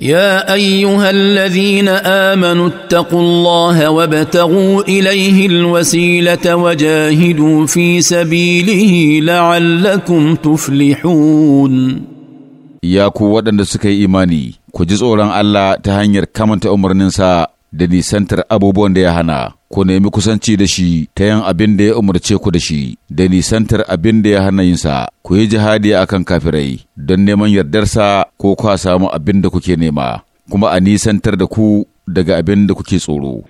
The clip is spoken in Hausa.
يا ايها الذين امنوا اتقوا الله وابتغوا اليه الوسيله وجاهدوا في سبيله لعلكم تفلحون ya ku waɗanda suka yi imani ku ji tsoron Allah ta hanyar kamanta umarninsa da nisantar abubuwan da ya hana ku nemi kusanci da shi ta yan abin da ya umarce ku da shi, da nisantar abin da ya hana yinsa, ku yi jihadi a kan kafirai don neman yardarsa ko kwa samu abin da kuke nema, kuma a nisantar da ku daga abin da kuke tsoro.